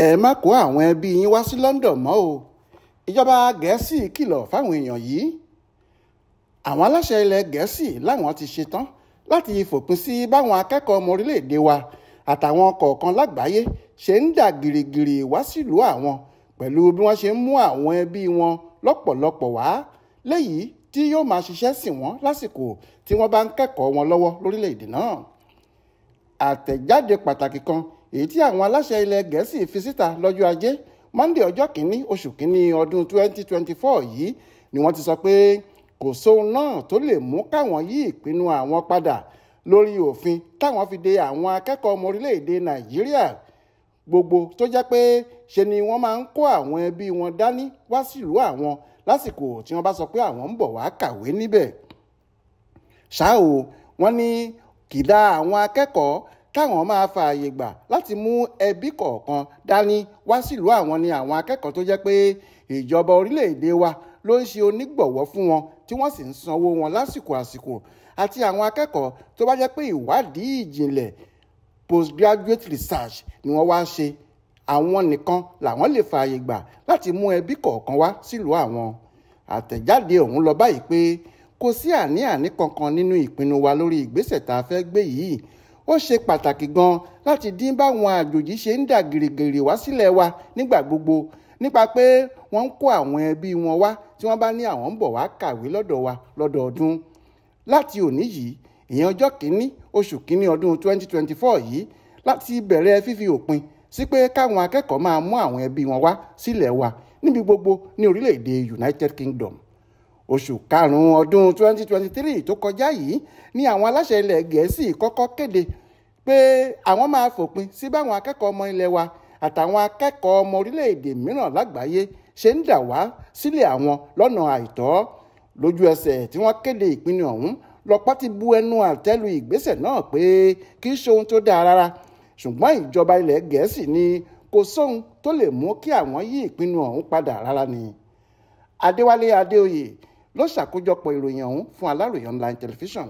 ẹ má kó àwọn ẹbí yín wá sí London mọ́ o ìjọba gẹ̀ẹ́sì kìlọ̀ fáwọn èèyàn yìí àwọn aláṣẹ ilẹ̀ gẹ̀ẹ́sì láwọn ti ṣetán láti fòpin sí báwọn akẹ́kọ̀ọ́ ọmọ orílẹ̀-èdè wa àtàwọn kọ̀ọ̀kan lágbàáyé ṣe ń dà gìrìgìrì wá sílùú àwọn pẹ̀lú bí wọ́n ṣe ń mú àwọn ẹbí wọn lọ́pọ̀lọpọ̀ wá léyìí tí yóò máa ṣiṣẹ́ sìn wọ́n lásìkò tí wọ́n bá ń kẹ́kọ̀ọ́ wọn lọ́wọ́ lórílẹ̀-èdè náà àtẹ̀jáde pàtàkì kan èyí tí àwọn aláṣẹ ilẹ̀ gẹ̀ẹ́sì fi síta lọ́jọ́ ajé monde ọjọ́ kìíní oṣù kìíní ọdún 2024 yìí ni wọ́n ti sọ pé kò sóhun náà tó lè mú káwọn yí ìpinnu àwọn padà lórí òfin táwọn fi de àwọn akẹ́kọ̀ọ́ ọmọ orílẹ̀-èdè nàìjíríà gbogbo tó jẹ́ pé ṣe ni wọ́n máa ń kó àwọn ẹbí wọn dání wá sílùú àwọn lásìkò tí wọ́n bá sọ pé àwọn ń bọ̀ wá kàwé níbẹ̀ ṣáà o wọ́n ní kìdá àwọn akẹ́kọ̀ọ́ káwọn máa fààyè gbà láti mú ẹbí kọ̀ọ̀kan dání wá sílùú àwọn ni àwọn akẹ́kọ̀ọ́ tó jẹ́ pé ìjọba orílẹ̀-èdè wa ló ń ṣe onígbọ̀wọ́ fún wọn tí wọ́n sì ń sanwó wọn lásìkò àsìkò àti àwọn akẹ́kọ̀ọ́ tó bá jẹ́ pé ìwádìí ìjìnlẹ̀ postgraduate research ni wọ́n wá ṣe àwọn nìkan làwọn lè fààyè gbà láti mú ẹbí kọ̀ọ̀kan wá sílùú àwọn àtẹ̀jáde ọ̀hún lọ báyìí pé kò sí àní-àní kankan nínú ìpinnu wa lórí ìgbésẹ̀ tá a fẹ́ gbé yìí ó ṣe pàtàkì gan láti dín báwọn àjòjì ṣe ń dà gìrìgìrì wá sílẹ̀ wa nígbà gbogbo nípa pé wọ́n ń kó àwọn ẹbí wọn wá tí wọ́n bá ní àwọn ń bọ̀ wá kàwé lọ́dọ̀ wa lọ́dọọdún láti òní yìí ìyẹn ọjọ́ kìíní oṣù kìíní ọdún 2024 yìí láti bẹ̀rẹ̀ fífi òpin sí pé káwọn akẹ́kọ̀ọ́ máa mú àwọn ẹbí wọn wá sílẹ̀ wa níbi gbogbo ní orílẹ̀-èdè United Kingdom oṣù karùn-ún ọdún 2023 tó kọjá yìí ni àwọn aláṣẹ ilẹ̀ gẹ̀ẹ́sì kọ́kọ́ kéde pé àwọn máa fòpin sí báwọn akẹ́kọ̀ọ́ ọmọ ilẹ̀ wa àtàwọn akẹ́kọ̀ọ́ ọmọ orílẹ̀-èdè mìíràn lágbàáyé ṣe ń dà wá sílẹ̀ àwọn lọ́nà àìtọ́ lójú ẹsẹ̀ tí wọ́n kéde ìpinnu ọ̀hún lọ́pàá ti bu ẹnu àtẹ́lu ìgbésẹ̀ náà pé kì í ṣe ohun tó dáa rárá ṣùgbọ́n ìjọba ilẹ̀ gẹ̀ẹ́sì ni kò sóhun tó lè mú kí àwọn yí ìpinnu ọ̀hún padà rárá ni Adéwálé Adéoyè ló ṣàkójọpọ̀ ìròyìn ọ̀hún fún Aláròyé online television.